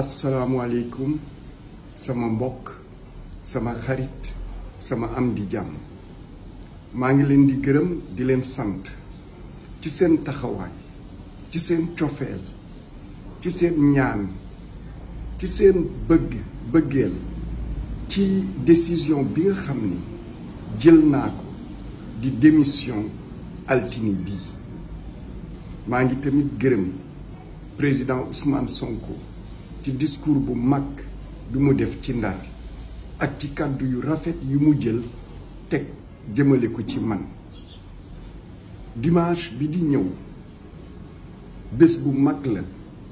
asalaamualeykum sama mbokk sama xarit sama am di jàmm maa ngi leen di gërëm di leen sant ci seen taxawaay ci seen cofeel ci seen ñaan ci seen bëgg bëggeel ci décision bi xam ni jël naa ko di démission altine bii maa ngi tamit gërëm président Ousmane Sonko ci discours bu mag bi mu def ci ndar ak ci kàddu yu rafet yu mu jël teg jëmale ko ci man dimanche bi di ñëw bés bu mag la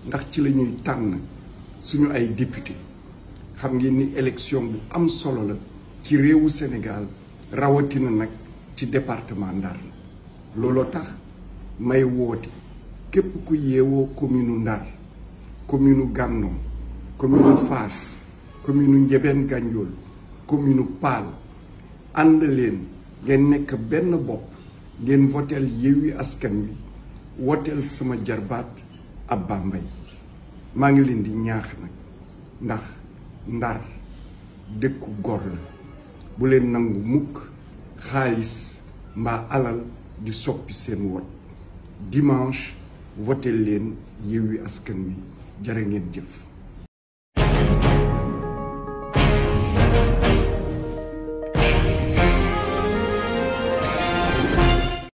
ndax ci la ñuy tànn suñu ay député xam ngeen ni élection bu am solo la ci réewu Sénégal rawatina nag ci département Ndar looloo tax may woote képp ku yeewoo commune Ndar commune Gànnoom commune Fass commune Ndiébène Gandiol commune Paal ànd leen ngeen nekk benn bopp ngeen voteel Yewwi Askan Wi woteel sama jarbaat Abba Mbaye maa ngi leen di ñaax nag ndax Ndar dëkku gor la bu leen nangu mukk xaalis mbaa alal di soppi seen wot dimanche voteel leen Yewwi Askan Wi jërë ngeen jëf